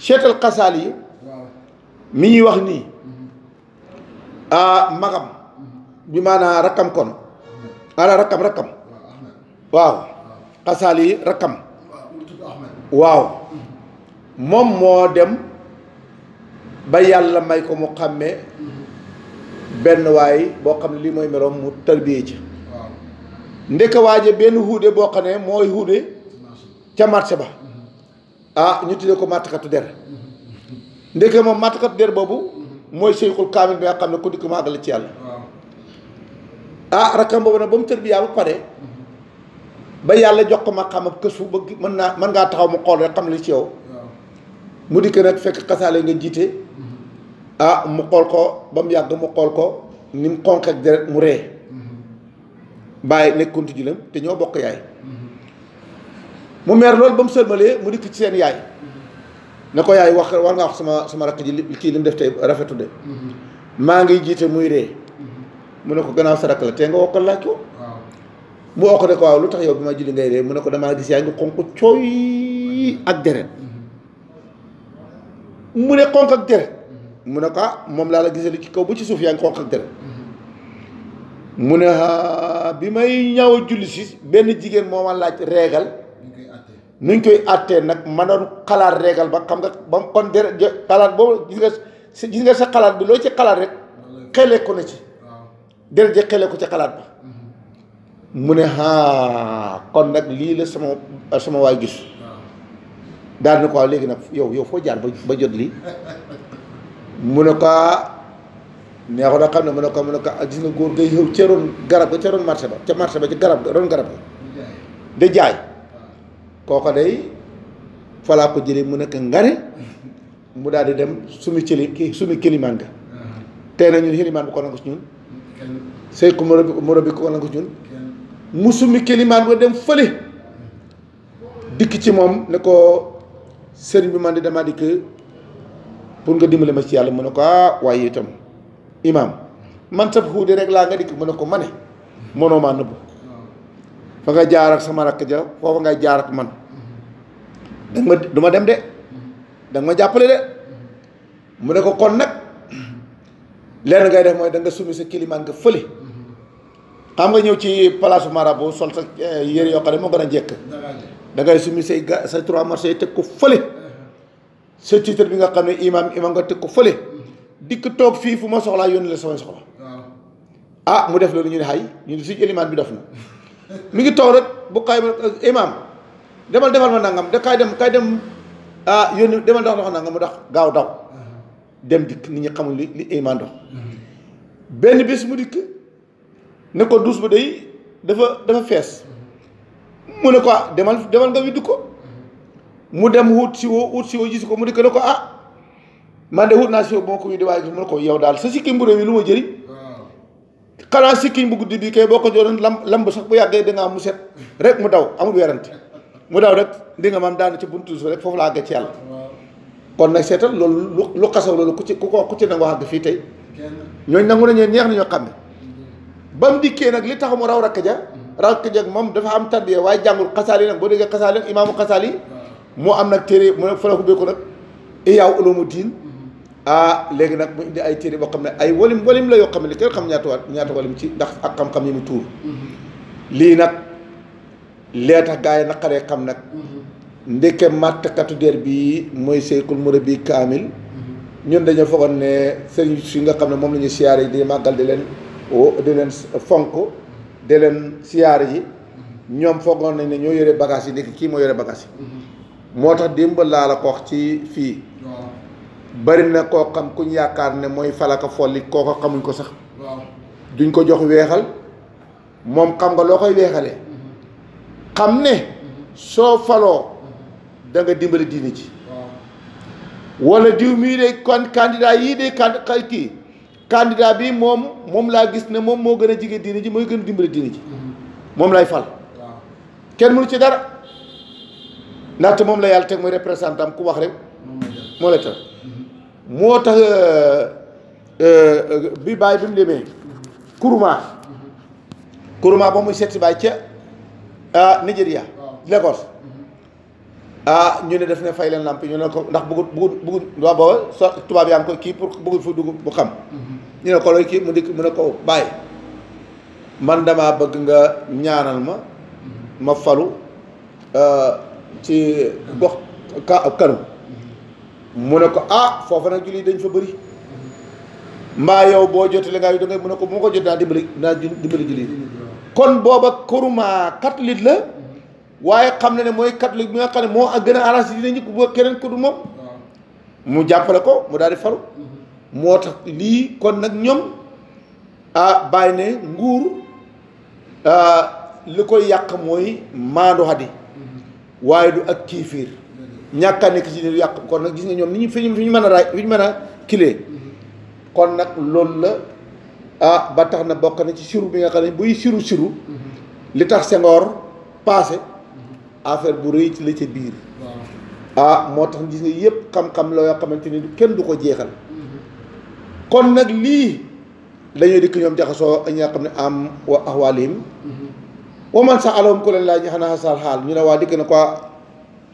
seetal xasaal yi mi ñuy wax nii mm-hmm. a ah, magam mm-hmm. bi maanaa rakkam kon ala rakkam rakkam waaw xasaal yi rakkam waaw mm-hmm. moom moo dem ba yàlla may ko mu xàmmee benn waay boo xam ne lii mooy meloom mu tarbiyee ci ndeka waaje benn huude boo xam ne mooy huude ca marché ba ah ñu tuddee ko màttakatu der ndeke moom màttakatu der boobu mooy seyxul kaamil bi nga xam ne ku dikk màggale ci yàlla ah rakkam boobu nag ba mu tërbiyaa ba pare ba yàlla jox ko ma xam ab kësu bëgg mën naa mën ngaa taxaw mu xool rek xam li ci yow mu dikk nag fekk xasaale nga jiite mm-hmm. ah mu xool ko ba mu yàgg mu xool ko ni mu xonq ak deret mu ree mm-hmm. bàyyi nekk konti te ñoo bokk yaay mu meer loolu ba mu sëlmalee mu dikk ci seen yaay ne ko yaay wax war nga wax sama sama rakk ji kii li def tey rafetu de mm-hmm. maa ngi jiite muy ree mm-hmm. mu ne ko gannaaw sa rakk la te nga woo ko laaj ko mu woo ko ko waaw lu tax yow bi ma julli ngay ree mu ne ko damaa gis yaa ngi xonq cooy ak deret mm-hmm. mu ne xonq ak deret mu ne ah, moom laa la gisee ci kaw ci suuf yaa ngi xonq ak deret ah, bi may ñaw julli si benn jigéen moo ma laaj reegal nuñ koy àttee nag ma doon xalaat reegal ba xam nga ba kon dere xalaat boobu gis nga gis nga sa xalaat bi loo ci xalaat rek xelee ko na ci dere je xelee ko ci xalaat ba mm-hmm. mu ne haa kon nag lii la sama sama waay gis daal na ko léegi nag yow yow foo jaar ba jot lii mu ne ko neexu na xam ne mu ne ko mu ne ko ah, gis nga góor ngay xëw ca roon garab ga ca roon marché ba ca marché ba ci garab ga roon garab ga da jaay koko day fala ko jëlee mu nek ngare mu dem sumi cili sumi kilimaan ga na ñun kilimaan ko nangu ñun sey ko ko morobi ko nangu ñun mu sumi kilimaan ba dem fele dik ci mom ne ko serigne bi man di damaa dikk pour nga dimbali ma ci yalla mu ne ko ah itam imaam man sab xuudi rek la nga dik mu ne ko mané mono ma maa fa nga jaar ak sama rak ja fofu nga jaar ak man da ma du ma dem de da ma jàppale de mu ne ko kon nag lenn ngay def mooy danga nga summi sa kilimaan nga fële xam nga ñëw ci mara marabu sol sa eh, yére yoo xam moo gën a jekk da ngay summi say ga say trois marché teg ko fële sa titre bi nga xam ne imam imam nga teg ko fële dikk toog fii fu ma soxlaa yónni la sama soxla ah mu def loolu ñu ne xay ñu ne si ilimaan bi def na mi ngi toog rek bu xay imam demal defal ma nangam de kay dem kay dem ah yoni demal dox dox nangam mu dox gaw dox dem dik nit ñi xamul li iman dox ben bis mu dik ne ko duus bu day dafa dafa fess mu ne ko demal demal nga widdu ko mu dem wut ci wo wut ci wo gis ko mu dik ne ko ah man de wut na ci boko boo di way mu ne ko yow dal sa sikkim bu rew mi lu ma jëriñ xanaa bu guddi bi kay boko joron lamb sax bu yagge dangaa nga set rek mu daw amul werante mu daw rek di nga maam daanu ci buntu suuf rek foofu la àgg ci yàlla kon nag seetal loolu lu lu xasaw loolu ku ci ku ko ku ci nangoo àgg fii tey ñooñ nangu nañu neex na ñoo xam ne ba mu dikkee nag li tax mu raw rakk ja mm-hmm. rakk ja moom dafa am tarbiya waaye jàngul xasaali nag boo déggee xasaali imaamu xasaali moo am nag téere mu ne fa la ko béeku nag iyaaw ulumu diin mm-hmm. ah léegi nag mu indi ay téere boo xam ne ay walim walim la yoo xam ne kenn xam ñaata waat ñaata walim ci ndax ak xam-xam mu tuur mm-hmm. lii nag lee tax gaa yi naqaree xam nag mm-hmm. ndeke katu der bii mooy seykul murabbi kaamil mm-hmm. ñun dañoo foogoon ne sëriñ si nga xam ne moom la ñuy siyaare yi di màggal di leen fonk di leen siyaare yi mm-hmm. ñoom foogoon nañ ne ñoo yore bagage yi ndekki kii moo yore bagage yi moo tax démb laa la ko wax ci fii bari na koo xam kuñ yaakaar ne mooy falaka folli kooko xamuñ ko sax duñ ko jox weexal moom xam nga loo koy weexalee xam ne soo faloo da nga dimbali diine ji walla diw mii de kon candidat yii de kan kii candidat bi moom moom laa gis ne moom moo gën a jege diine ji mooy gën dimbali diine moom lay fal kenn mënu ci dara ndaxte moom la yàlla teg muy représentant am ku wax rek moo la tax moo tax euh, euh, bi bàyyi bi mu demee kuruma kuruma ba muy seeti bàyyi ca ah Lagos ah ñu ne def ne fay leen làmp ñu ne ko ndax bëggut bëggut bëggut waa booba so tuba bi am ko ki pour bëggut fu dug bu xam mhm. ñu ne ko looy ki mu dik mu ne ko bay man dama bëgg nga ñaanal ma mhm. ma falu ah, ci gox ka kanu mhm. mu ne ko ah fofu nag julli dañ fa bëri mba yow bo jotee li nga yu da ngay mu ne ko bu ko jot dimbali naa dimbali julli kon booba koruma catholique la waaye xam na ne mooy catholique bi nga xam ne moo ak gën a arrangé dina ñëkk boo keneen ko du moom mu jàppale ko mu daal di faru mm-hmm. moo tax lii kon nag ñoom ah bàyyi ne nguur li ko yàq mooy maandu xadi mm-hmm. waaye du ak kiifiir mm-hmm. ñàkk a nekk ne du yàq kon nag gis nga ñoom ni ñu fi ñu fi ñu mën a raay fi ñu mën a kile kon nag loolu la ah ba tax na bokk na ci siru bi nga xam ne buy siru siru li tax Senghor passé affaire bu rëy ci la ca biir ah moo tax gis nga yëpp xam-xam la xamante ni kenn du ko jeexal kon nag lii dañoo dikk ñoom jaxasoo ñi xam ne am wa ahwaalim wa man sax alawam ku leen laaj xanaa xasaal xaal ñu ne waa dikk na quoi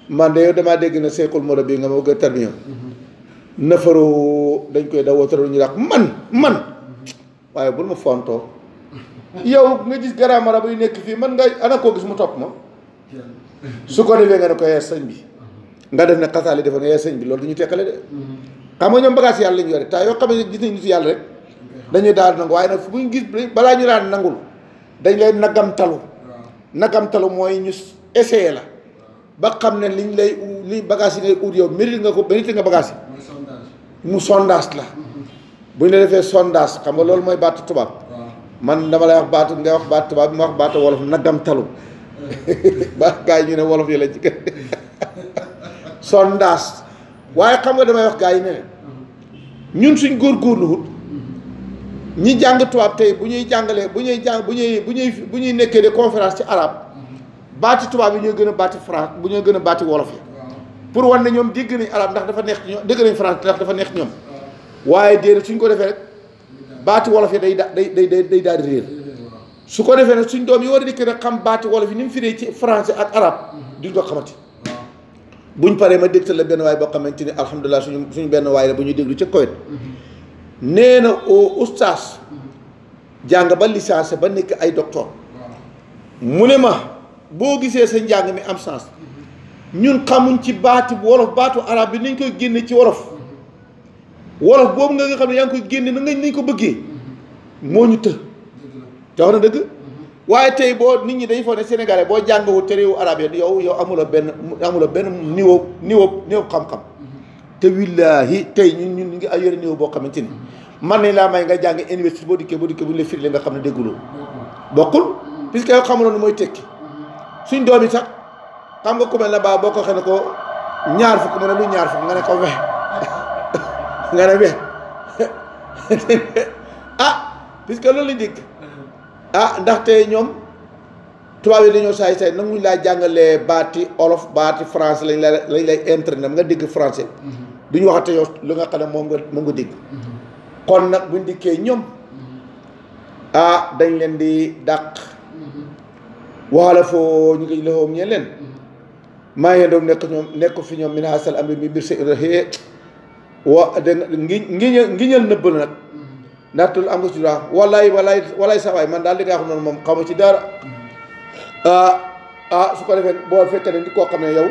man de yow damaa dégg na seekul moro bi nga ma gën a terminé mhm. nafaroo dañ koy dawoo tëral ñu dàq man man waaye bul ma fontoo yow nga gis garaamara buy nekk fii mën nga ana koo gis mu topp ma su ko defee nga ne ko yee sëñ bi nga def ne xasaale defa nga yee sëñ bi loolu du ñu tekkale de xam nga ñoom bagage yàlla lañu yore taa yoo xam ne gis nañ nitu dañuy daal waaye nag fu ñu gis balaa ñu daan nangul dañ lay nagamtalu nagamtalu mooy ñu essayé la ba xam ne liñ lay li bagage yi ngay ut yow mérite nga ko mérite nga bagage yi mu sondage la mm-hmm. bu ñu la defee sondage xam nga loolu mooy baatu tubaab man dama lay wax baatu nga wax baatu tubaab ma wax baatu wolof nagam talu ba gars yi ñu ne wolof yi la ci gën sondage waaye xam nga damay wax gars yi ne ñun suñ góorgóorluwut ñi jàng tubaab tey bu ñuy jàngalee bu ñuy jàng bu ñuy bu ñuy bu ñuy nekkee de conférence ci arab mm-hmm. baati tubaab yi ñoo gën a baati France bu ñoo gën a baati wolof yi pour wan ne ñoom dégg nañ arab ndax dafa neex ñoom dégg nañ France ndax dafa neex ñoom waaye déedéet suñ ko defee rek baati wolof yi day day day day daal réer su ko defee nag suñ doom yi war a dikk nag xam baati wolof yi ni mu firee ci français ak arabe duñ ko xamati buñ paree ma dégtal la benn waay boo xamante ni alhamdulilah suñu suñu benn waay la bu ñuy déglu ca Koweït nee na oustaz jàng ba licence ba nekk ay docteur mu ne ma boo gisee sa njàng mi am sens ñun xamuñ ci baati wolof baatu arabe bi nañ koy génne ci wolof wolof boobu nga nga xam ne yaa ngi koy génne na nañ ko bëggee moo ñu të jox na dëgg mm-hmm. waaye tey boo nit ñi dañu foog ne sénégalais boo jàngawul te réewu arab yi yow yow amula benn amula benn niveau niveau niveau xam-xam mm-hmm. te willaahi tey ñun ñun ñu ngi ay yore niveau boo xamante ni mm-hmm. man nañ laa may nga jàng université boo dikkee boo dikkee bu ñu la firi nga xam ne dégguloo bokkul puisque yow xamuloon ni mooy tekki suñ doom yi sax xam nga ku mel baa boo ko ne ko ñaar fukk mu ne ñaar fukk nga ne ko wex nga ne ah puisque loolu la dikk ah ndaxte ñoom tubaab yi dañoo saay saay nanguñ laa jàngalee baati olof baati france lañ la lañ lay entraîné nga dégg français mhm. duñ waxate yow lu nga xam ne moom nga moom nga dégg mhm. kon nag buñ dikkee ñoom mhm. ah dañ leen di dàq waxala foo ñu ngi loxoom ñeen leen maa ngi doon nekk ñoom nekk fi ñoom min hasal amri mi bir se wa da ngi ngiñal ngiñal nëbb la nag mm-hmm. ndaxte am nga ci droit walaay walaay walaay sawaay man daal li nga xam noonu moom xamu ci dara mm-hmm. ah ah su ko defee boo fekkee ne di koo xam ne yow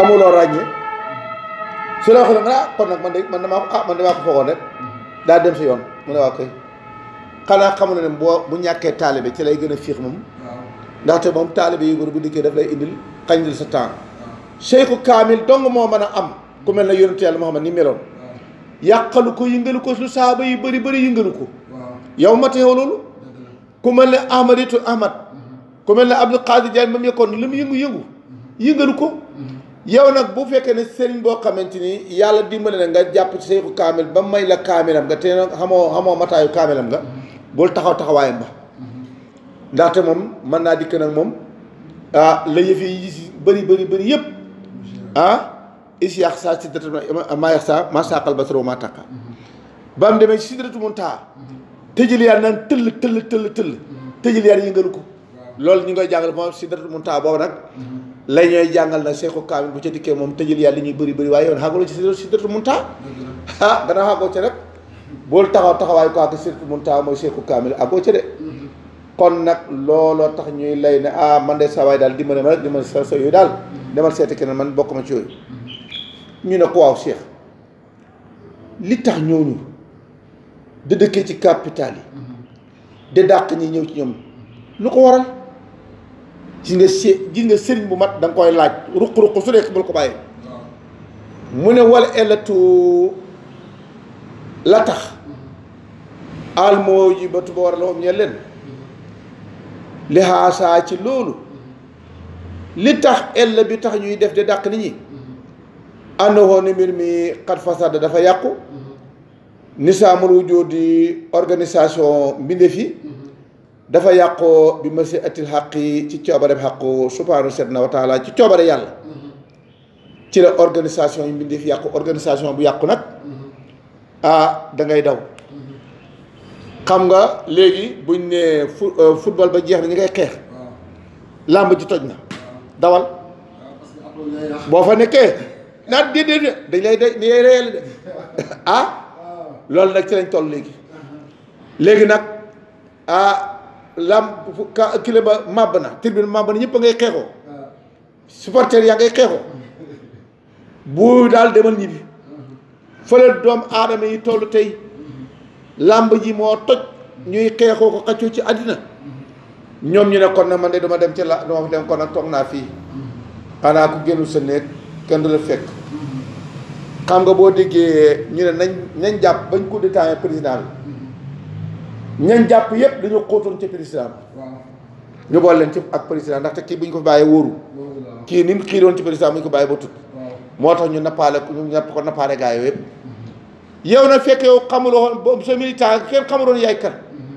amuloo ràññee mm-hmm. su la waxee ah kon nag man de man damaa ah man damaa ko foogoon rek daal dem si yoon mu ne waa koy xanaa xamu ne boo bu ñàkkee taalibe ci lay gën a fiix moom ndaxte moom taalibe yu góor bu dikkee daf lay indil xañil sa temps Cheikhu Kaamil dong moo mën a am ku mel ne yonentu yàlla Muhammad ni meloon yàqalu ko yëngalu ko lu saaba yi bari bëri yëngalu ko yow ma teew loolu ku mel ne ahmaditu ahmad mhm. ku mel ne abdul qadir jaay mu mhm. mhm. nag bu fekkee ne sëriñ boo xamante ni yàlla dimbali na nga jàpp ci seyku kaamil ba may la kaamilam nga te nag xamoo xamoo mataayu kaamilam nga bul taxaw moom mën naa dikk moom ah la yëf yi bëri bëri bëri yëpp is yàq saa sidratu maa yàq saa maa saqal basara maa taqa ba mu demee sidratu muntaha tëjël yaar naan tëll tëll tëll tëll tëjël yaar yëngalu ko loolu ñu ngi koy jàngal moom sidratu muntaha boobu nag la ñooy jàngal nag bu ca dikkee moom tëjël li ñuy bëri bëri waaye yoon xàggalo ci sidratu muntaha ah danaa xàggoo ca rek bool taxaw taxawaay ko ak sidratu muntaha mooy seeko kaamil àggoo ca de kon nag looloo tax ñuy lay ne ah man de saa waay daal dimbale ma rek dimbale sa sa yooyu daal demal seeti keneen man bokk ma ci ñu ne ko waaw Cheikh li tax ñooñu da dëkkee ci capital yi da dàq ñi ñëw ci ñoom lu ko waral gis nga se gis nga sëriñ bu mat da koy laaj ruq-ruq su nekk bul ko bàyyi mu ne wal ellatu la tax al yi ji ba tuba war a la ñeel leen li ci loolu li tax ell bi tax ñuy def de dàq nit ñi àndawoo ni mbir mi xat fasada dafa yàqu nisaamul di organisation mbindeef yi dafa yàqoo bi masi atil yi ci coobare xaqu subhaanahu setna wa taala ci coobare yàlla ci la organisation yi mbindeef yàqu organisation bu yàqu nag ah da ngay daw xam nga léegi buñ ne fu euh, football ba jeex na ñu ngay xeex làmb ji toj na dawal boo fa nekkee naan déedéet dañ lay de dañ lay reyal de ah loolu nag ci lañ toll léegi léegi nag ah lam ka ba màbb na tribune màbb na ñëpp ngay xeexoo supporters yaa ngay xeexoo bu daal demal ñibbi fële doom aadama yi toll tey làmb ji moo toj ñuy xeexoo ko xaccoo ci àddina ñoom ñu ne kon na man de duma dem ci la duma dem kon nag toog naa fii xanaa ku génnul sa néeg kenn du la fekk xam nga boo déggee ñu ne nañ nañ jàpp bañ coup d'état président bi ñañ jàpp yëpp dañu xóotoon ci président bi ñu boole leen ci ak président ndaxte kii bu ñu ko bàyyee wóoru kii ni mu xiiroon ci président bu ñu ko bàyyi ba tut moo tax ñu nappaale ñu napp ko nappaale gaa yooyu yëpp yow nag fekk yow xamuloo woon sa militant kenn xamuloon yaay kan mm-hmm.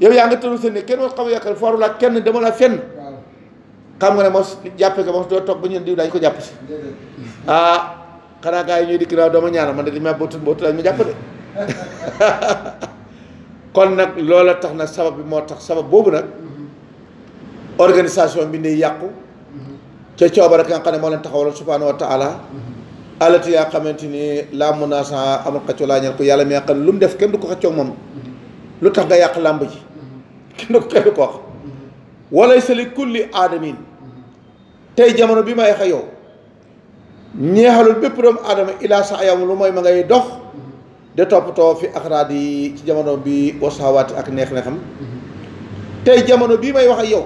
yow yaa nga tënul sa ne kenn woon xamu yaay kan kenn dama la fenn xam nga ne moos jàppee ko mos do tok bu ñu diw dañ ko japp ci iya, iya. ah kana gaay ñu di kraw naaw dooma man di ma bootu bootu daañu ma jàpp de kon nak loola tax na sabab bi mo tax sabab bobu nak mhm. organisation bi ne yaqku ci mhm. coobare ak nga xam ne moo leen taxawaloon subhaanahu wa taala alati ya xamante la munasa munaasaa amul xaccoo laa ko yalla mi xal xam lu mu def kenn du ko xaccoo mom lu tax nga yàq làmb ji kenn du ko ko walaysa li kulli yi tey jamono bi may xa yow ñeexalul bépp doomu aadama ilaa sa ayamu lu mooy ma ngay dox de toppatoo fi axraat yi ci jamono bi wasaawaati ak neex-neexam tey jamono bii may wax ak yow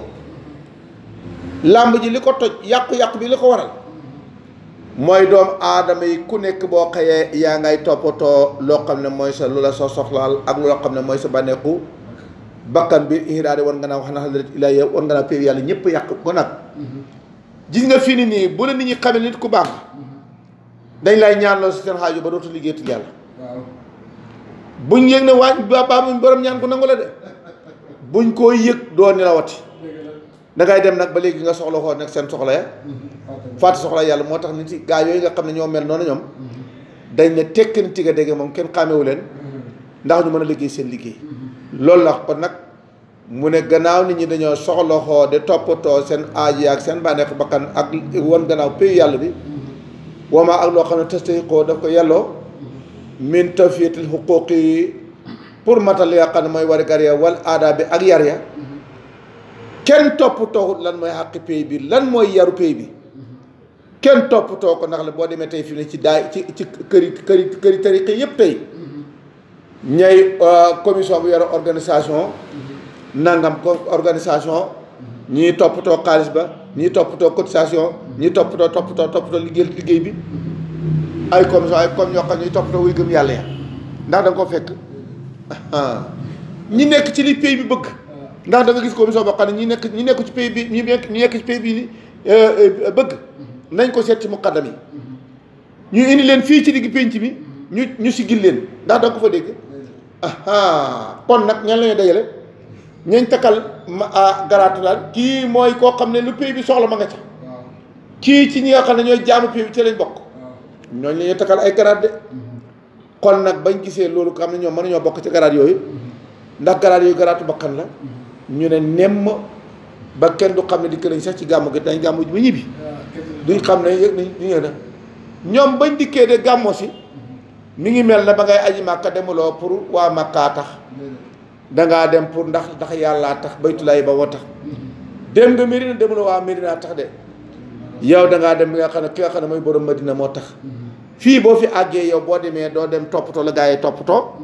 làmb ji li ko toj yàqu-yàqu bi li ko waral mooy doom aadama yi ku nekk boo xëyee yaa ngay toppatoo loo xam ne mooy sa lu la sa soxlaal ak loo xam ne mooy sa bànneexu bakkan bi ihdaade won nga naa wax na hadrat ilaahi war nga naa peew yàlla ko nak gis nga fini ni bu la nit ñi xamé nit ku baax dañ lay ñaan lo si seen xaaju ba dootu ligéetu yalla buñ yegg na waaj ba mu borom ñaan ko nangula de buñ do ni la wati da ngay dem nak ba legi nga soxla ko nak sen soxla ya mm-hmm. fat soxla yalla motax nit ga gaa nga xamné ñoo mel noonu ñom mm-hmm. dañ na tekk ga dege mom ken xamé wu len mm-hmm. ndax ñu mëna liggéey seen liggéey loolu la kon nag mu ne gannaaw nit ñi dañoo soxloxoo de toppatoo seen aaj ak seen bànneex bakkan ak won gannaaw pays yàlla bi woomaa ak loo xam ne testaxiqoo daf ko yelloo min tawfiitil xuquuq yi pour matal li xam ne mooy war gar ya wal aada bi ak yar ya kenn toppatoo lan mooy xàq pays bi lan mooy yaru pays bi kenn too ko nax la boo demee tey fi ne ci daay ci ci këri këri këri tariqe yëpp tey ñay euh, commission bu yore organisation nangam ko organisation ñii toppatoo xaalis ba ñii toppatoo cotisation ñi ñii toppatoo toppatoo toppatoo liggéey liggéey bi ay commission ay comme ñoo xam topp toppatoo wuy gëm yàlla ya ndax da nga ko fekk ñi nekk ci li pays bi bëgg ndax da gis commission boo xam ne ñi nekk ñi nekk ci pays bi ñi nekk ñi nekk ci pays bi euh, bëgg nañ ko seet ci muqaddam yi ñu indi leen fii ci digg pénc bi ñu ñu sigil leen ndax da ko fa dégg kon nag ñan la ñuy dajale ñañ takkal ma ah, garaatu laal kii mooy koo xam ne lu pays bi soxla ma nga ca kii ci ñi nga xam ne ñooy jaamu pays bi ci lañ bokk ñooñu la takkal ay garaat mm-hmm. kon nag bañ gisee loolu xam ne ñoom mën nañoo bokk ci garaat yooyu mm-hmm. ndax garaat yooyu garaatu xam la mm-hmm. ñu ne nemm ba kenn du xam ne di nañ sax ci gàmmu gi dañ gàmmu ji ba ñibbi duñ xam ne yëg nañ ñu ñëw na ñoom bañ dikkee de gàmmoo si mi ngi mel na ba ngay aji màkk demuloo pour waa màkkaa tax dangaa dem pour ndax ndax yàllaa tax baytulaay ba wa tax dem nga Medina demuloo waa Medina tax de yow dangaa dem bi nga xam ne ki nga xam ne mooy borom ma dina moo tax fii boo fi àggee yow boo demee doo dem toppatoo la gaa yi toppatoo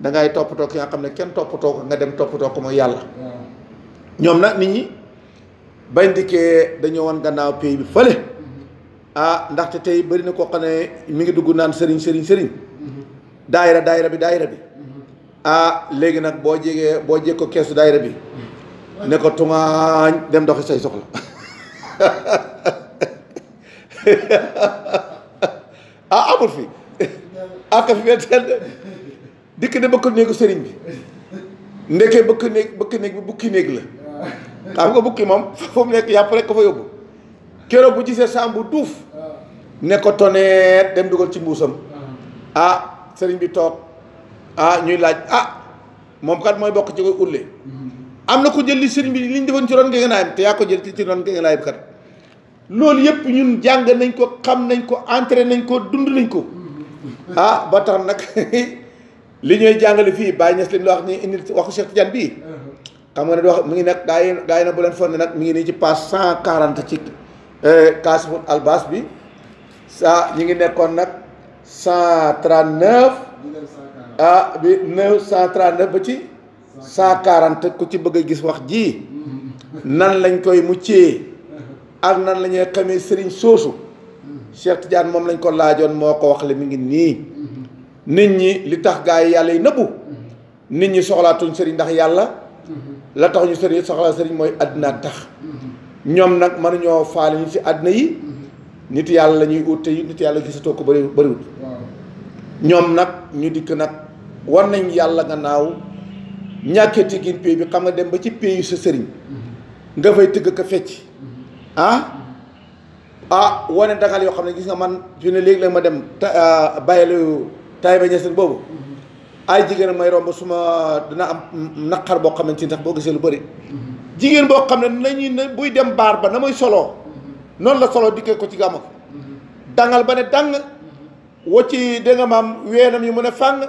dangay toppatoo ki nga xam ne kenn toppatoo ko nga dem toppatoo ko mooy yàlla ñoom nag nit ñi bañ dikkee dañoo wan gannaaw pays bi fële ah ndaxte tey bari na koo xam ne mi ngi dugg naan sëriñ sëriñ sëriñ daayira daayira bi daayira bi ah léegi nag boo jegee boo jeg ko keesu daayira bi ne ko tungaañ dem doxi say soxla ah amul fi aka fi benn dikk ne bëkk néegu sëriñ bi ndekkee bëkk néeg bëkk néeg bi bukki néeg la xam nga bukki moom foofu nekk yàpp rek ko fa yóbbu kéro bu gisé saam bu duuf ko toné dem dugal ci mbousam ah sëriñ bi tok ah ñuy laaj ah mom kat moy bok ci koy ulle amna ko jël li sëriñ bi li ñu defoon ci ron ngeenaayam te ya ko jël ci ci ron ngeenaayam kat lool yépp ñun jang nañ ko xam nañ ko entraîné nañ ko dund nañ ko ah ba tax nak li ñoy jangale fi bay ñess leen wax ni indi wax Cheikh Tidiane bi uh-huh. xam nga ne wax mi ngi nak gaay gaay na bu len fonne nak mi ngi ni ci pass 140 ci Eh, kaasiful albas bi saa ñi ngi nekkoon nag cent trente ah, ah, bi neuf cent ba ci cent quarante ku ci bëgg a gis wax ji nan lañ koy muccee ak nan la ñuy xamee sëriñ soosu Cheikh Tidiane moom lañ ko laajoon moo ko wax le mi ngi nii nit ñi li tax gaa yi yàlla yi nëbbu nit ñi soxlaatuñ sëriñ ndax yàlla mm-hmm. la tax ñu sëriñ soxlaa sëriñ mooy àddina tax mm-hmm. ñoom nag mënuñoo faale ñu ci àddina yi nit yàlla la ñuy ut te nit yàlla gisatoo ko bëri bëriwut ñoom nag ñu dikk nag war nañ yàlla nga naaw ñàkkee tiggin pay bi xam nga dem ba ci pay yu sa sëriñ mm-hmm. nga fay tëgg ko fecc mm-hmm. ah? ah wane dangal yoo xam ne gis nga man fi ne léegi la ma dem ah, bàyyilu tay ba ñeseen boobu mm-hmm. ay jigéen may romb su ma dina am naqar boo xamante ni tax boo gisee lu bari jigen bo xamne ne nañu buy dem bar ba na solo non la solo dikke ko ci gàmmu dangal bané dang, wo ci de nga mam wénam yu mu ne fàng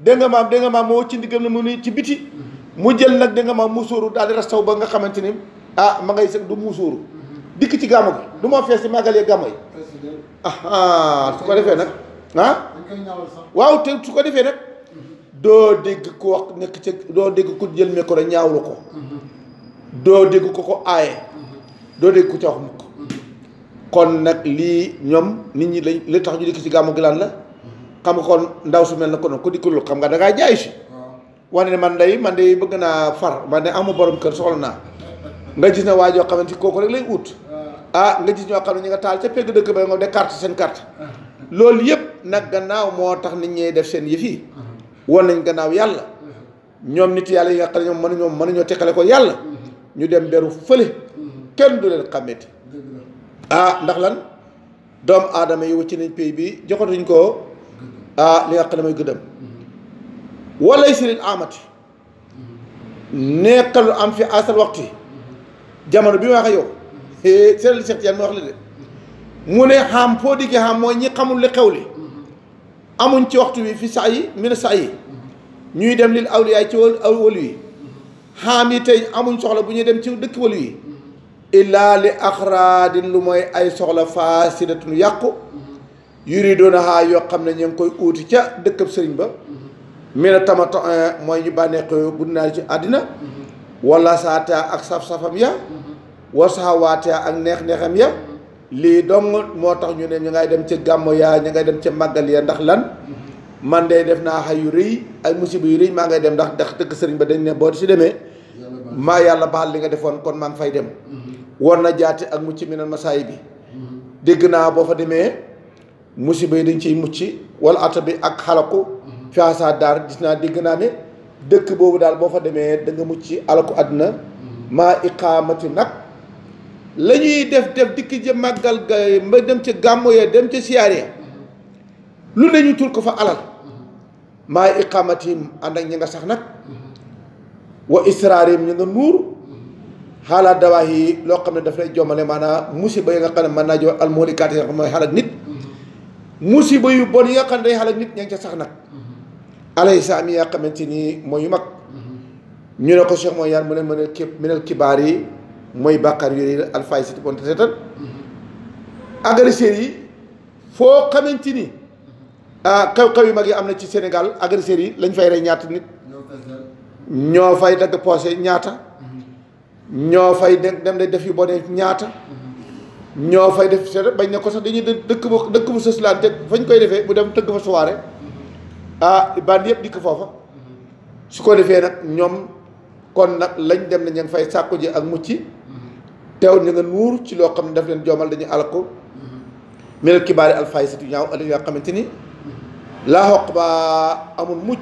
da nga mam de nga mam moo ci ndiggam mu ni ci biti mu jël nak de nga mam musóoru dal di rastaw ba nga xamanteni ah ma ngay sëg du musóoru dik ci gàmmu gi du mo fess ci màggalee gàmmu ah, ah su ko defé nak ah waaw te su ko defé nak do deg ku wax nek ci do deg ko jël ñaawlu ko doo dégg ko ko aaye doo dégg ku ca wax mukk kon nag lii ñoom nit ñi lañ li tax ñu dikk ci gàmmu gi la xam nga kon ndaw su mel na ko noonu ku dikkul xam nga da ngaa jaay si wane ne man day man day bëgg naa far man de amul borom kër soxla naa nga gis ne waa joo xamante kooku rek lañu ut ah nga gis ñoo xam ne ñu nga taal ca pegg dëkk ba nga de carte seen carte loolu yëpp nag gannaaw moo tax nit ñee def seen yëf yi woon nañ gannaaw yàlla ñoom nit yàlla yi nga xam ne ñoom mënuñoo mënuñoo teqale ko yàlla ñu dem beru fële kenn du leen xàmmeeti ah ndax lan doomu aadama yi wacc nañ pays bi joxatuñ ko ah li nga xam ne mooy gëddam walay si leen amati nekkal lu am fi asal waxtu jamono bi ma wax yow seen li Cheikh Tidiane ma wax la de mu ne xam foo diggee xam mooy ñi xamul li xew li amuñ ci waxtu wi fi saa yi mi ne saa yi ñuy dem lil awliyaay ci wàllu awlu yi xaam yi tey amuñ soxla bu ñuy dem ci dëkk walu yi illaa li axraadin lu mooy ay soxla faasidatun yàqu yuridunaha yoo xam ne ñu ngi koy uuti ca dëkkab sëriñ ba mina tamata eh, mooy ñu bànneexoo gudnaal ci àddina wala saata ak saf-safam ya wa saxawaata ak neex-neexam ya lii dong moo tax ñu ne ñu ngay dem ci gàmmo ya ñu ngay dem ci màggal ya ndax lan man de def naa xay yu rëy ay musiba yu rëy maa ngay dem ndax ndax dëkk sëriñ ba dañ ne boo si demee maa yàlla baal li nga defoon kon maa ngi fay dem war na jaati ak mucc mi nan masaay bi dégg naa boo fa demee musiba yi dañ ciy mucc wala ato bi ak xalaku fiasa daar gis naa dégg naa ne dëkk boobu daal boo fa demee danga nga mucc alaku àdduna maa iqaamati nag la ñuy def def dikk ja màggal ga ma dem ca gàmmo ya dem ca siyaar ya lu ne ñu ko fa alal maa iqaamatim ànd ak ñi nga sax nag wa israarim ñu nga nuur xaalaat dawaax yi loo xam ne daf lay jommale maanaam musiba yi nga xam ne mën naa jox almoolikaat yi nga xam mooy xalaat nit musiba yu bon yi nga xam ne day xalaat nit ña ngi ca sax nag alay saam yi nga xamante ni mooy yu mag ñu ne ko Cheikh mooy yaan mu ne mënel ki mënel kibaar yi mooy bàkkaar yu rëy alfaay si bonte teetal agresseurs yi foo xamante ni Ah, xew-xew yu mag yi am na ci Sénégal agresseurs yi lañ fay rey ñaata nit ñoo fay dagg poosé ñaata ñoo fay dem de def yu bonee ñaata ñoo fay def se bañ ne ko sax dañuy dëkk bu dëkk bu sëslaante fañ koy defee bu dem tëgg fa soirée ah band yëpp dikk foofa su ko defee nag ñoom kon nag lañ dem ne ña fay sàkku ji ak mucc teew ñu nga nuur ci loo xam ne daf leen joomal dañuy alko mel mm-hmm. kibaari alfaysatu ñaaw ëllëg yoo xamante ni laa xoq ba amul mujj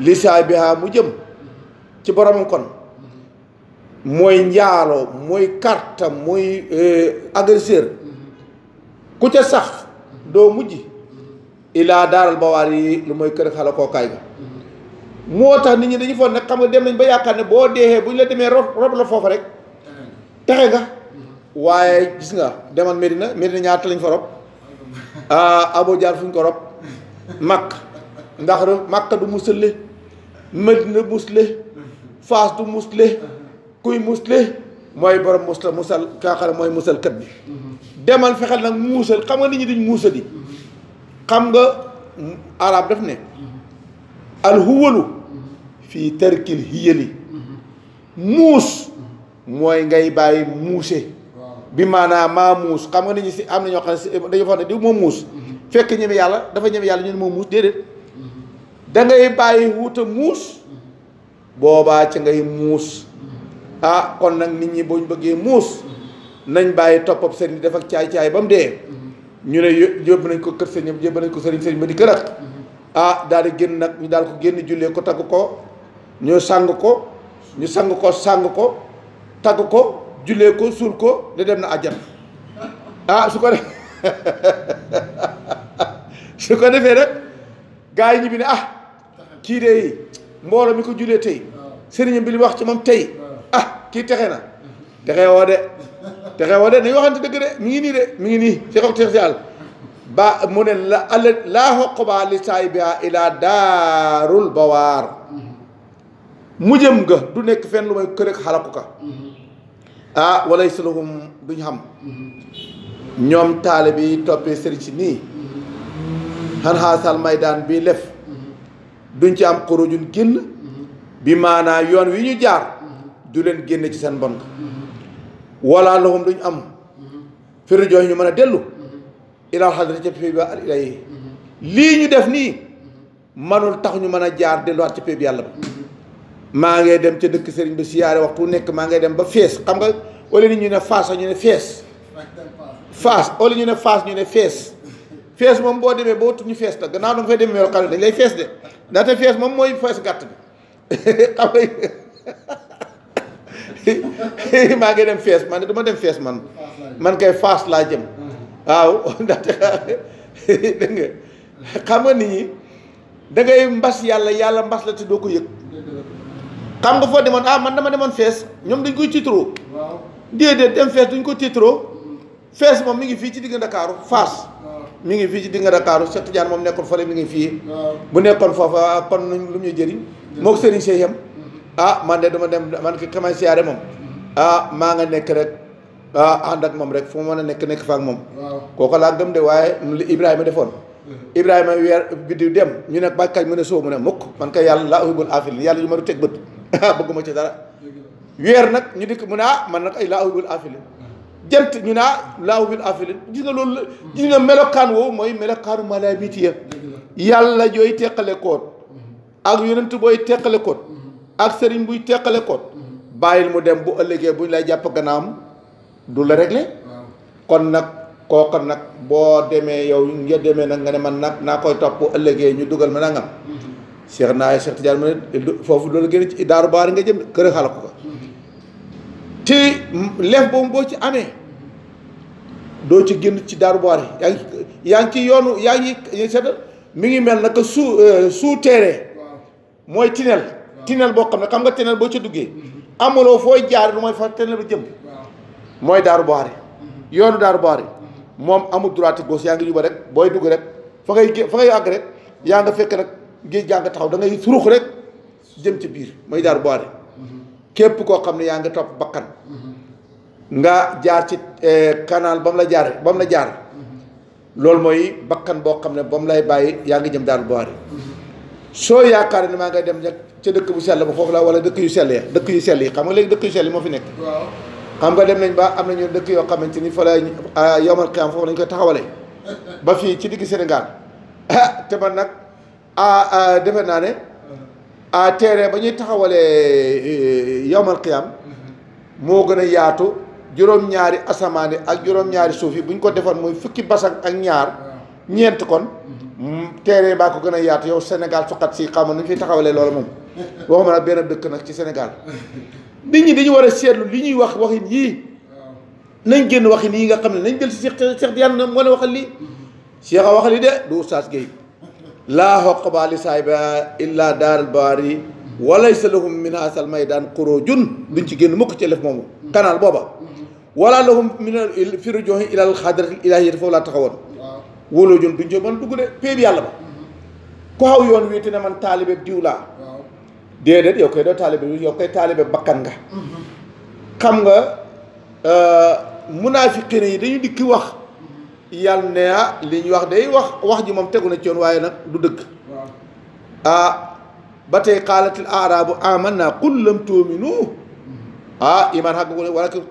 li saay bihaa mu jëm ci boromam kon mooy njaalo mooy karta mooy eh, agresseur ku ca sax doo mujj ilaa daaral bawaar yi lu mooy kër xala kookaay ga moo tax nit ñi dañu foog ne xam nga dem nañ ba yaakaar ne boo deexee bu ñu la demee rob rob la foofa rek texe nga waaye gis nga demal Medina Medina ñaata lañ fa rob ah Abou Diar fu ñu ko rob makk ndax makka du musle madina musle faas du musle kuy musle mooy borom musal musal kaa xam ne mooy musalkat bi demal fexeel nag muusal xam nga nit ñi duñ muusali xam nga arab daf ne alhuwalu fii tarkil hiyali muus mooy ngay bàyyi muuse bi maanaam maa muus xam nga nit ñi si am na ñoo xam ne dañu fa ne moom muus fekk ñeme yàlla dafa ñeme yàlla ñu ne moo muus déedéet da ngay bàyyi wuta muus boobaa ci ngay muus ah kon nag nit ñi boo ñu bëggee muus nañ bàyyi toppab sëriñ def ak caay-caay ba mu dee ñu ne yóbbu nañ ko kër sëriñ yóbbu nañ ko sëriñ sëriñ ba di kër ak ah daal di génn nag ñu daal ko génn jullee ko tagg ko ñu sang ko ñu sang ko sang ko tagg ko jullee ko suul ko da dem na àjjana ah su ko def su ko defee rek gars yi ñu bi ah kii de mbooloo mi ko julee tey sëriñam bi li wax ci moom tey ah kii texe na texe woo de texe woo de nañu waxante dëgg de mi ngi nii de mi ngi nii si xoog tex si àll ba mu ne la all laa xoqubaa li saay bia ilaa daarul bawaar mu jëm nga du nekk fenn lu may kër ak xalaku ka mm-hmm. ah walay salahum duñ xam mm-hmm. ñoom taalibe yi toppee sëriñ si nii xan maydaan bii lef duñ ci am xurujun génn bi maanaa yoon wi ñu jaar du leen génn ci seen mbon wala loxum duñ am firu jox ñu mën a dellu ilal xadra lii ñu def nii manul tax ñu mën a jaar delluwaat ci pay bi yàlla ba maa ngay dem ca dëkk sëriñ bi siyaare waxtu nekk maa ngay dem ba fees xam nga wala nit ñu ne faas ñu ne fees fas au lieu ñu ne face ñu ne fees fees moom boo demee boo tudd ñu fees la gannaaw fay demé yow xal dañ lay fees de ta fes mom moy fes gatt bi xam nga ngi dem fes man duma dem fes man man kay fas la jëm waaw da ta nga xam ni da ngay mbass yalla yalla mbass la te doko yek xam nga fo demone ah man dama demone fes ñom dañ koy waaw dede dem fes duñ ko titro fess mom mi ngi fi ci digg dakaru Fass mi ngi fi ci digg dakaru Cheikh Tidiane mom nekkul fële mi ngi fi bu nekkon fofa kon lu ñu jëriñ mok serigne Cheikh yam mhm. ah man de dama dem man ki xamay siare mom mhm. ah ma nga nekk rek ah and ak mom rek fu meuna nekk nekk fa ak mom koko la gem de waaye li Ibrahima defoon mhm. Ibrahima weer dem ñu nek bàkkañ mu ne soo mu ne mukk man ka yalla la uhibbul afil yalla yu maru du beut ci dara wer nak ñu dik mu ah, man nak ay la afil jant ñu naa ah, laaw bil afilin gis nga loolu la melokaan woowu mooy melokaanu malaamiti ya yàlla yooy teqale koot ak yonent booy teqale koot ak sëriñ buy teqale koot bàyyil mu dem bu ëllëgee bu ñu lay jàpp gannaam du la rek réglé kon nag kooka nag boo demee yow nga demee nag nga ne man nag naa koy topp ëllëgee ñu dugal ma nangam Cheikh naa Cheikh Tidiane ma ne foofu loolu gën ci daaru baari nga jëm kër xala ko te lef boobu boo ci amee doo ci génn ci daaru boire yaa ngi yaa ngi ci yoonu yaa ngi seet mi ngi mel naka suu euh, suu teere mooy tinel tinel boo xam ne xam nga tinel boo ci duggee amuloo fooy jaar lu mooy fa tinel ba jëm mooy daaru boire mm-hmm. yoonu daaru boire mm-hmm. moom amul droite gauche yaa ngi juba rek booy dugg rek fa ngay fa ngay àgg rek yaa nga fekk rek géej gaa nga taxaw da ngay surux rek jëm ci biir mooy daaru boire képp koo xam ne yaa ngi topp bakkan nga jaar ci eh, canal ba mu la jaar ba mu la jaar loolu mooy bakkan boo xam ne ba mu lay bàyyi yaa ngi jëm daal boori soo yaakaar ne maa ngay dem nag ca dëkk bu sell ba foofu la wala dëkk yu sell ya dëkk yu sell yi xam nga léegi dëkk yu sell yi moo fi nekk xam nga dem nañ ba am na nañu dëkk yoo xamante ni fa la ah, yomal xiyaam foofu lañ koy taxawalee ba fii ci digg Sénégal ah te man nag ah, ah defe naa ne a teere ba ñuy taxawalee euh, yawmal qiyaam moo gën a yaatu juróom-ñaari asamaan yi ak juróom-ñaari suuf yi bu ñu ko defoon muy fukki basan ak ñaar ñeent kon teere baa ko gën a yaatu yow Sénégal suqat si xaw ma nu ñu fiy taxawalee loolu moom waxuma nag benn dëkk nag ci Sénégal nit ñi dañu war a seetlu li ñuy wax waxin yii nañ génn waxin yii nga xam ne nañ jël si bi Cheikh Diagne moo ne waxal lii Cheikh a waxal lii de du Oustaz Guèye لا حق بالي صاحبها إلا دار الباري وليس لهم من هذا الميدان خروج duñ ci génn mukk ci lëf moomu canal booba wala lahum min fi rujuhi ila al xadrati ilahiyati foofu laa taxawoon wóoloo jun duñ ci mën dugg de péeb yàlla ba ku xaw yoon wii te ne man taalibe diw laa déedéet yow koy doo taalibe yow koy taalibe bakkan nga xam nga munaafiqiin yi dañu dikki wax yàlla ne ah li wax day wax wax ji moom tegu na ci yoon waaye nag du dëgg ah ba tey qaalatil aaraabu amanna qul lam tuuminu ah iman xàgg ko ne walakin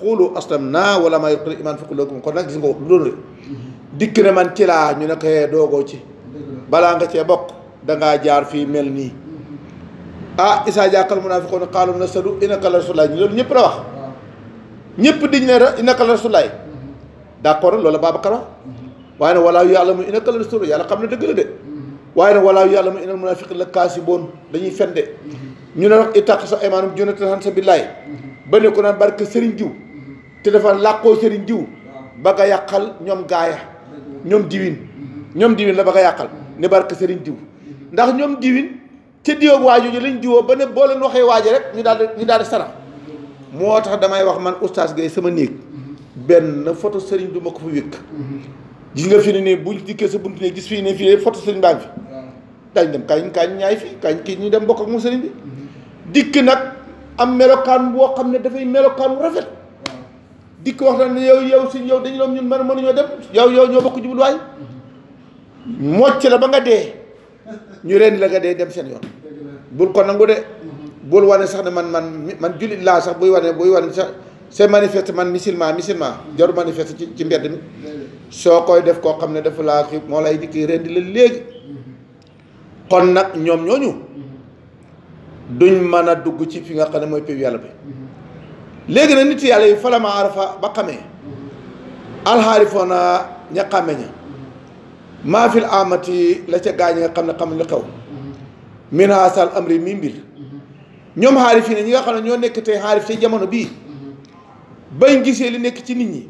nag gis nga mm-hmm. dikk ne man ci laa ñu ne ko doogoo ci balaa nga cee bokk dangaa jaar fii mel nii mm-hmm. ah isaa jàkkal munaafiqoon qaalu nashhadu innaka la rasulaay ñu loolu ñëpp la wax ñëpp diñ ne innaka la rasulaay d'accord loolu la Babacar wax waaye nag walaayu yàlla mu innaka la sóor yàlla xam ne dëgg la de waaye nag walaayu yàlla mu innal munaafiqiina la kaasiboon dañuy fende ñu ne wax itaq sa aymaanum junatan an sabiilillaah ba ne naan barke Serigne Diw te dafa làqoo Serigne Diw ba nga yàqal ñoom gaaya ñoom diwin ñoom diwin la ba nga yàqal ne barke Serigne Diw ndax ñoom diwin ca diwab waajo ji lañ diwoo ba ne boo leen waxee waajo rek ñu daal ñu daal di sarax moo tax damay wax man oustaz Gueye sama néeg benn photo sëriñ du ma ko fa wékk gis nga fi ne nii buñ dikkee sa buntu ne gis fii ne fii photo sëriñ baa ngi fi dañ dem kañ kañ ñaay fii kañ kii ñu dem bokk ak mu sëriñ bi dikk nag am melokaan boo xam ne dafay melokaan rafet dikk wax na ne yow yow si yow dañu doon ñun mën mënuñoo dem yow yow ñoo bokk jubluwaay mocc la ba nga dee ñu reen la nga dee dem seen yoon bul ko nangu de bul wane sax ne man man man jullit laa sax buy wane buy wane sax c'est manifeste man musulman musulman jaru manifeste ci ci mbedd mi soo koy def koo xam ne dafa laa xib moo lay dikki rendi la léegi kon nag ñoom ñooñu duñ man a dugg ci fi nga xam ne mooy péw yàlla bi léegi nag nit yàlla yi falama arafa ba xamee alxaarifoona ña xàmme ña maa fil la ca gaañ nga xam ne xam lu xew minasal amri mi mbir ñoom xaarif yi ne ñi nga xam ne ñoo nekk tey xaarif ci jamono bii bañ gisee li nekk ci nit ñi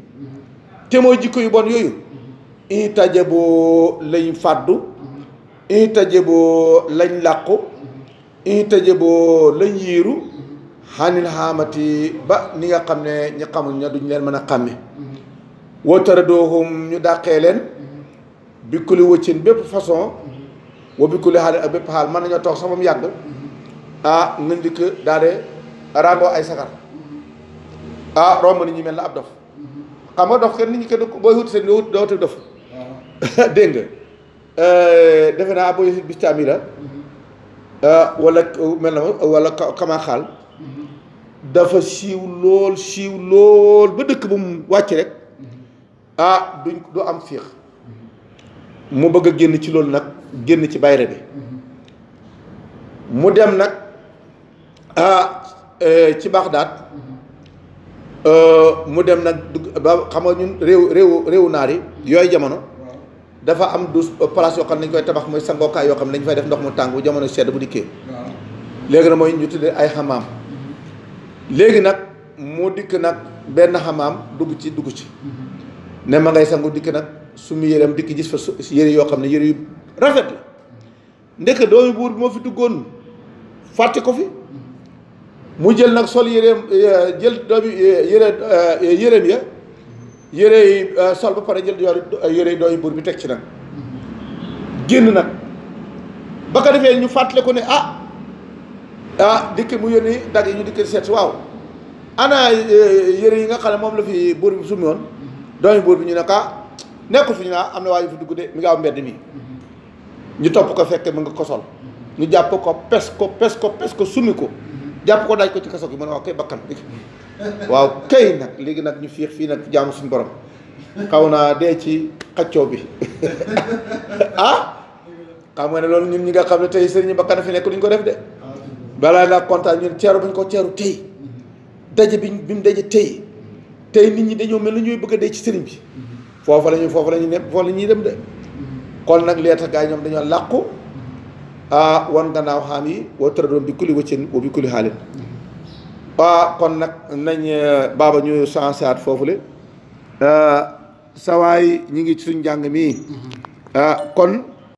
te mooy jikko yu bon yooyu intaje boo lañ fàddu intaje boo lañ làqu intaje boo lañ yiiru xanil xaamati ba ni nga xam ne ñi xamul ña duñ leen mën a xàmme wootara dooxum ñu dàqee leen bi kuli wëccin bépp façon wa bi kuli xaal ak bépp xaal mën nañoo toog sama yàgg ah nga ndikk daal de ràngoo ay sagar ah romb nañu mel na ab dof xam nga dof kenn nit ñi kenn booy wut seen wut dootu dof ah. dégg nga eh, defe naa booy bis taami la ah, wala mel na wala kamaa dafa siiw lool siiw lool ba dëkk bu mu wàcc rek ah duñ du am fiix mu bëgg a génn ci loolu nag génn ci bayre bi mu dem nag ah eh, ci Baxdaad Euh, mu dem nag dugg ba xam nga ñun réew réew réew naar yi yooyu jamono dafa am douche euh, place yoo xam ne dañ koy tabax mooy sangookaay yoo xam ne dañ fay def ndox mu tàng bu jamono sedd bu dikkee léegi nag mooy ñu tuddee ay xamaam mm-hmm. léegi nag mu dikk nag benn xamaam dugg ci dugg ci mm-hmm. ne ma ngay sangu dikk nag su mu dikk gis fa yére yoo xam ne yére yu rafet la mm-hmm. ndeke doomi buur bi moo fi duggoon fàtte ko fi mu jël nag sol yéreem eh, jël doomi eh, yére eh, yéreem ya yére yi sol ba pare jël yére yi doomi buur bi teg ci nag génn nag ba ko defee ñu fàttale ko ne ah ah dikk mu yónni dagg yi ñu dikk seet si waaw ana yére yi nga xam ne moom la fi buur bi summi woon doomi buur bi ñu ne kaa ah, nekkul fi ñu naa ah, am na waaye fi dugg de mi nga am mbedd mi ñu topp ko fekk mu nga ko sol ñu jàpp ko pes ko pes ko pes ko summi ko jàpp ko daaj ko ci kaso gi mu ne waaw kay bakkan bi waaw kay nag léegi nag ñu fiix fii nag jaamu suñu borom xaw naa dee ci xaccoo bi ah xam nga ne loolu ñun ñi nga xam ne tey sëriñu bakkan fi nekk duñ ko def de balaa ngaa kontaan ñun ceeru bañ ko ceeru tey daje bi bi mu daje tey tey nit ñi dañoo mel ni ñuy bëgg a dee ci sëriñ bi foofa lañuy ñuy foofa la ñuy ne foofa la ñuy dem de kon nag leeta gaa ñoom dañoo làqu ah wan gannaaw xaam yi wa tëradoon bi kulli wëccin wa bi kulli xaalin kon nag nañ e, baaba ñu sansaat foofule e, sawaay ñu ngi ci suñ njàng mii e, kon